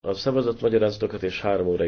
a magyarázatokat és három óraig